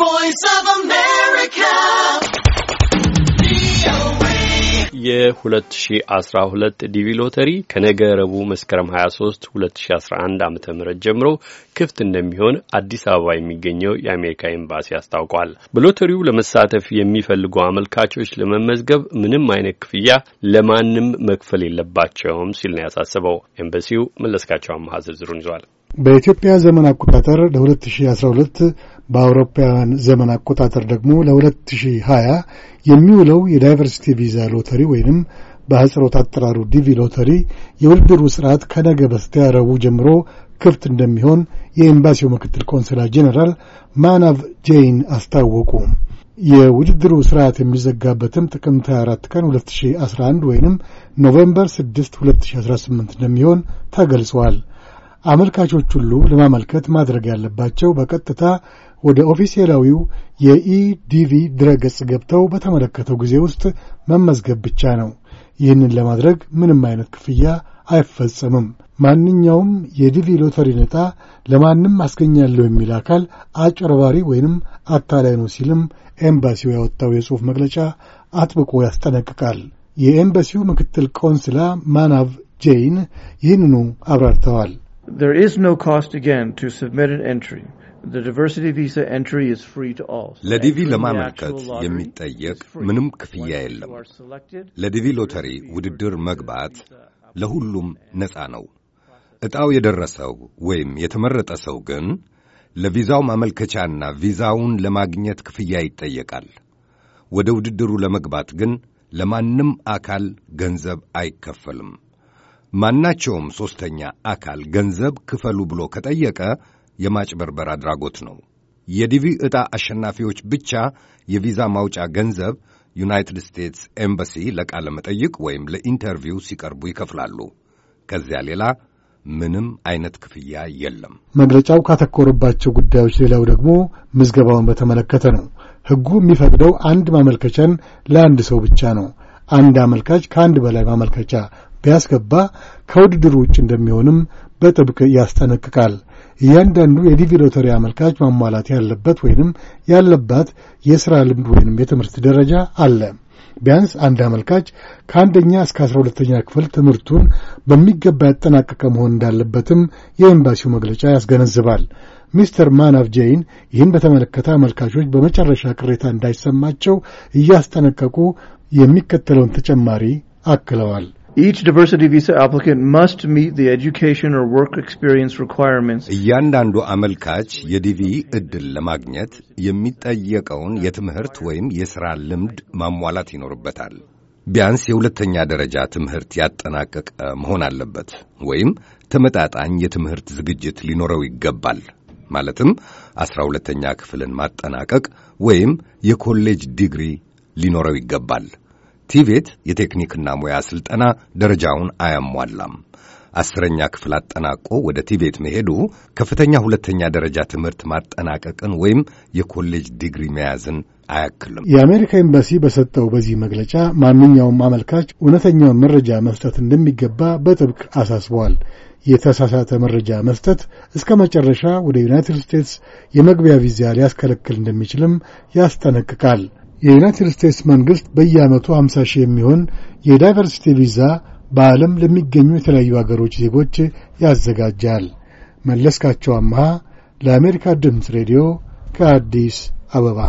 voice of America. የ2012 ዲቪ ሎተሪ ከነገ ረቡዕ መስከረም 23 2011 ዓ.ም ጀምሮ ክፍት እንደሚሆን አዲስ አበባ የሚገኘው የአሜሪካ ኤምባሲ አስታውቋል። በሎተሪው ለመሳተፍ የሚፈልጉ አመልካቾች ለመመዝገብ ምንም አይነት ክፍያ ለማንም መክፈል የለባቸውም ሲል ነው ያሳስበው። ኤምባሲው መለስካቸው አማሃ ዝርዝሩን ይዟል። በኢትዮጵያ ዘመን አቆጣጠር ለ2012 በአውሮፓውያን ዘመን አቆጣጠር ደግሞ ለ2020 የሚውለው የዳይቨርሲቲ ቪዛ ሎተሪ ወይንም በአጽሮት አጠራሩ ዲቪ ሎተሪ የውድድሩ ስርዓት ከነገ በስቲያ ረቡዕ ጀምሮ ክፍት እንደሚሆን የኤምባሲው ምክትል ቆንስላ ጄኔራል ማናቭ ጄይን አስታወቁ። የውድድሩ ስርዓት የሚዘጋበትም ጥቅምት 24 ቀን 2011 ወይንም ኖቬምበር 6 2018 እንደሚሆን ተገልጿል። አመልካቾች ሁሉ ለማመልከት ማድረግ ያለባቸው በቀጥታ ወደ ኦፊሴላዊው የኢዲቪ ድረገጽ ገብተው በተመለከተው ጊዜ ውስጥ መመዝገብ ብቻ ነው። ይህንን ለማድረግ ምንም አይነት ክፍያ አይፈጸምም። ማንኛውም የዲቪ ሎተሪ ነጣ ለማንም አስገኛለሁ የሚል አካል አጭበርባሪ ወይንም አታላይ ነው ሲልም ኤምባሲው ያወጣው የጽሑፍ መግለጫ አጥብቆ ያስጠነቅቃል። የኤምባሲው ምክትል ቆንስላ ማናቭ ጄይን ይህንኑ አብራርተዋል። There is no cost again to submit an entry. ለዲቪ ለማመልከት የሚጠየቅ ምንም ክፍያ የለም። ለዲቪ ሎተሪ ውድድር መግባት ለሁሉም ነፃ ነው። ዕጣው የደረሰው ወይም የተመረጠ ሰው ግን ለቪዛው ማመልከቻና ቪዛውን ለማግኘት ክፍያ ይጠየቃል። ወደ ውድድሩ ለመግባት ግን ለማንም አካል ገንዘብ አይከፈልም። ማናቸውም ሦስተኛ አካል ገንዘብ ክፈሉ ብሎ ከጠየቀ የማጭበርበር አድራጎት ነው። የዲቪ ዕጣ አሸናፊዎች ብቻ የቪዛ ማውጫ ገንዘብ ዩናይትድ ስቴትስ ኤምባሲ ለቃለ መጠይቅ ወይም ለኢንተርቪው ሲቀርቡ ይከፍላሉ። ከዚያ ሌላ ምንም አይነት ክፍያ የለም። መግለጫው ካተኮረባቸው ጉዳዮች ሌላው ደግሞ ምዝገባውን በተመለከተ ነው። ሕጉ የሚፈቅደው አንድ ማመልከቻን ለአንድ ሰው ብቻ ነው። አንድ አመልካች ከአንድ በላይ ማመልከቻ ቢያስገባ ከውድድሩ ውጭ እንደሚሆንም በጥብቅ ያስጠነቅቃል። እያንዳንዱ የዲቪ ሎተሪ አመልካች ማሟላት ያለበት ወይንም ያለባት የሥራ ልምድ ወይንም የትምህርት ደረጃ አለ። ቢያንስ አንድ አመልካች ከአንደኛ እስከ አስራ ሁለተኛ ክፍል ትምህርቱን በሚገባ ያጠናቀቀ መሆን እንዳለበትም የኤምባሲው መግለጫ ያስገነዝባል። ሚስተር ማናፍ ጄይን ይህን በተመለከተ አመልካቾች በመጨረሻ ቅሬታ እንዳይሰማቸው እያስጠነቀቁ የሚከተለውን ተጨማሪ አክለዋል። እያንዳንዱ አመልካች የዲቪ እድል ለማግኘት የሚጠየቀውን የትምህርት ወይም የሥራ ልምድ ማሟላት ይኖርበታል። ቢያንስ የሁለተኛ ደረጃ ትምህርት ያጠናቀቀ መሆን አለበት ወይም ተመጣጣኝ የትምህርት ዝግጅት ሊኖረው ይገባል። ማለትም ዐሥራ ሁለተኛ ክፍልን ማጠናቀቅ ወይም የኮሌጅ ዲግሪ ሊኖረው ይገባል። ቲቬት የቴክኒክና ሙያ ሥልጠና ደረጃውን አያሟላም። አስረኛ ክፍል አጠናቆ ወደ ቲቤት መሄዱ ከፍተኛ ሁለተኛ ደረጃ ትምህርት ማጠናቀቅን ወይም የኮሌጅ ዲግሪ መያዝን አያክልም። የአሜሪካ ኤምባሲ በሰጠው በዚህ መግለጫ ማንኛውም አመልካች እውነተኛውን መረጃ መስጠት እንደሚገባ በጥብቅ አሳስበዋል። የተሳሳተ መረጃ መስጠት እስከ መጨረሻ ወደ ዩናይትድ ስቴትስ የመግቢያ ቪዛ ሊያስከለክል እንደሚችልም ያስጠነቅቃል። የዩናይትድ ስቴትስ መንግሥት በየዓመቱ 50 ሺህ የሚሆን የዳይቨርሲቲ ቪዛ በዓለም ለሚገኙ የተለያዩ አገሮች ዜጎች ያዘጋጃል። መለስካቸው አምሃ ለአሜሪካ ድምፅ ሬዲዮ ከአዲስ አበባ